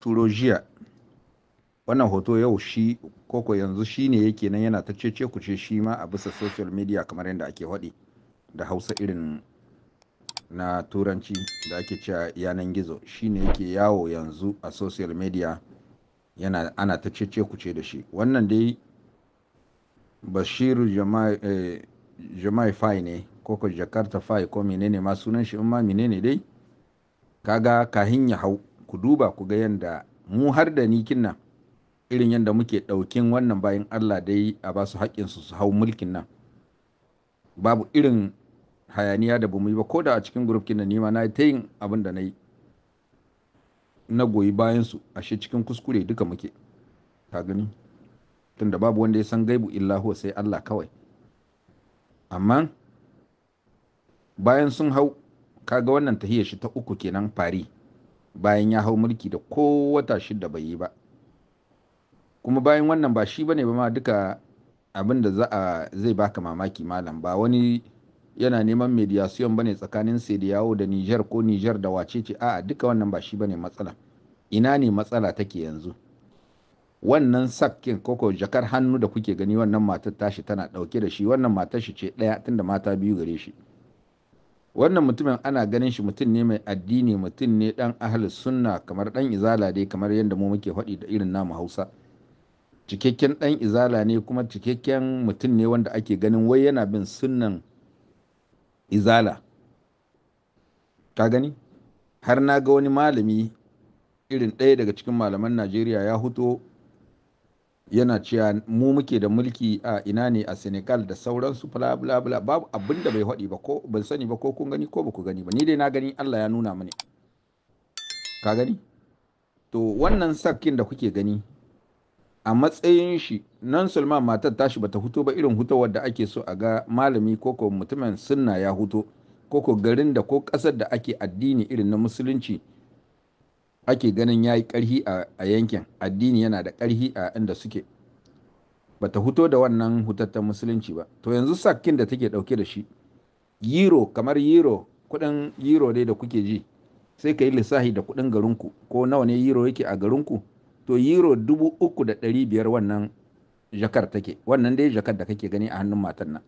turojiya wannan hoto yau shi koko yanzu shi ne yake nan yana ta cece ce shi ma a bisa social media kamar yadda ake waɗi da hausa irin na turanci da ake cewa yanan gizo shi ne yake yawo yanzu a social media yana ana ta cece ce da shi wannan dai bashiru eh, jama'i fai ne koko jakarta fai ko menene ma sunan shi in ma menene dai kaga kahin ya hau ku duba ku ga yadda mu har da ni nan irin yadda muke ɗaukin wannan bayan Allah dai a ba su haƙƙinsu su hau mulkin nan babu irin hayaniya da bamu ba ko da a cikin gurufkin da ni ma na ta yin abin da na yi na goyi bayansu a ashe cikin kuskure duka muke ta gani tunda babu wanda ya san gaibu illahu sai Allah kawai amma bayan sun hau kaga wannan tahiyar shi ta uku kenan fari bayan ya hau mulki da kowata wata shida bai yi ba kuma bayan wannan ba shi bane ba ma duka abin da za a zai baka mamaki malam ba wani yana neman mediation bane tsakanin sediyawo da niger ko niger da wace ce a duka wannan ba shi bane matsala ina ne matsala take yanzu wannan sakkin koko jakar hannu da kuke gani wannan matar tashi tana dauke da shi wannan matar shi ce daya tunda mata biyu gare shi wannan mutumin ana ganin shi mutum ne mai addini mutum ne dan ahli sunna kamar dan izala dai kamar yadda mu muke faɗi da irin namu hausa cikakken dan izala ne kuma cikakken mutum ne wanda ake ganin wai yana bin sunnan izala ka gani har na ga wani malami irin ɗaya daga cikin malaman najeriya ya huto yana cewa mu muke da mulki a ina ne a senegal da sauransu bla bla bla babu abin da bai haɗi ba ko ban sani ba ko kun gani ko ba ku gani ba ni dai na gani allah ya nuna mani ka gani to wannan sakin da kuke gani a matsayin shi nan sulman matar tashi bata huto ba irin hutowar da ake so a ga malami ko ko mutumin sunna ya huto ko ko garin da ko ƙasar da ake addini irin na musulunci ake ganin ya yi ƙarhi a yankin addini yana da ƙarhi a inda suke ba ta huto da wannan hutattar musulunci ba to yanzu sakkin da take ɗauke da shi euro kamar euro kuɗin euro dai da kuke ji sai ka yi lissahi da kuɗin garinku ko nawa ne yiro yake a garinku to yiro dubu uku da ɗari biyar wannan jakar take wannan dai jakar da kake gani a hannun matan nan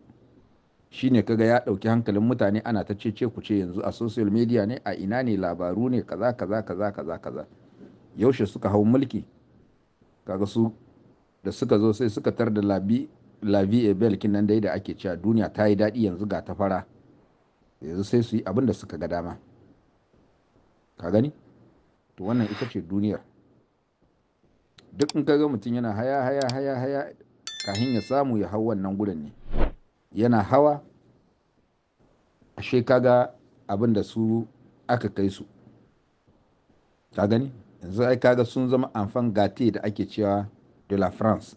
shi ne kaga ya ɗauki hankalin mutane ana ta cece ku ce yanzu a social media ne a ina ne labaru ne kaza kaza kaza kaza kaza yaushe suka hau mulki kaga su da suka zo sai suka tar da labi labi e kin nan dai da ake cewa duniya ta yi daɗi yanzu ga ta fara yanzu sai su yi abin da suka ga dama ka gani to wannan ita ce duniyar duk in kaga mutum yana haya haya haya haya kahin ya samu ya hau wannan gurin ne yana hawa ashe kaga abin da su aka kai su ta gani yanzu ai kaga sun zama amfan gate da ake cewa de la france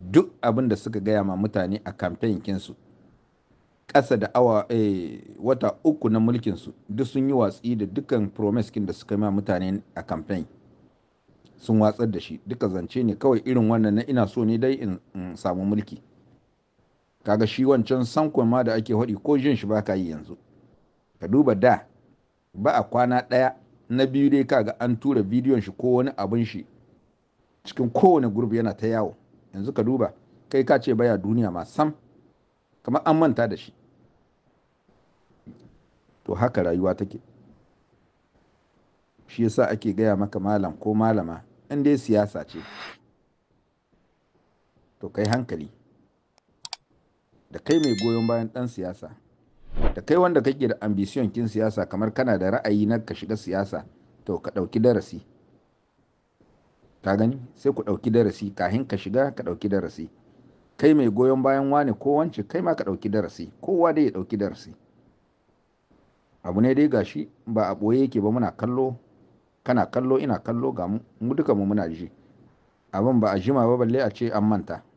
duk abin da suka gaya ma mutane a kamfen kinsu ƙasa da awa eh, wata uku na mulkinsu duk sun yi watsi da dukkan kin da suka ma mutane a kamfen sun watsar da shi duka zance ne kawai irin wannan na ina so ne dai in, in samu mulki kaga shi wancan sankon ma da ake haɗi ko jin shi baka yi yanzu ka duba da ba a kwana ɗaya na biyu dai kaga an tura bidiyon shi ko wani abin shi cikin kowane gurbi yana ta yawo yanzu ka duba kai ka ce baya duniya ma sam kamar an manta da shi to haka rayuwa take shi yasa ake gaya maka malam ko malama in dai siyasa ce to kai hankali da kai mai goyon bayan ɗan siyasa da kai wanda kake da ambisiyon kin siyasa kamar kana da ra'ayi na ka shiga siyasa to ka ɗauki darasi ka gani sai ku ɗauki darasi kahin ka shiga ka ɗauki darasi kai mai goyon bayan wane ko wance kai ma ka ɗauki darasi kowa dai ya ɗauki darasi abu ne dai gashi ba a ɓoye yake ba muna kallo kana kallo ina kallo ga mu duka mu muna ji abin ba a jima ba balle a ce an manta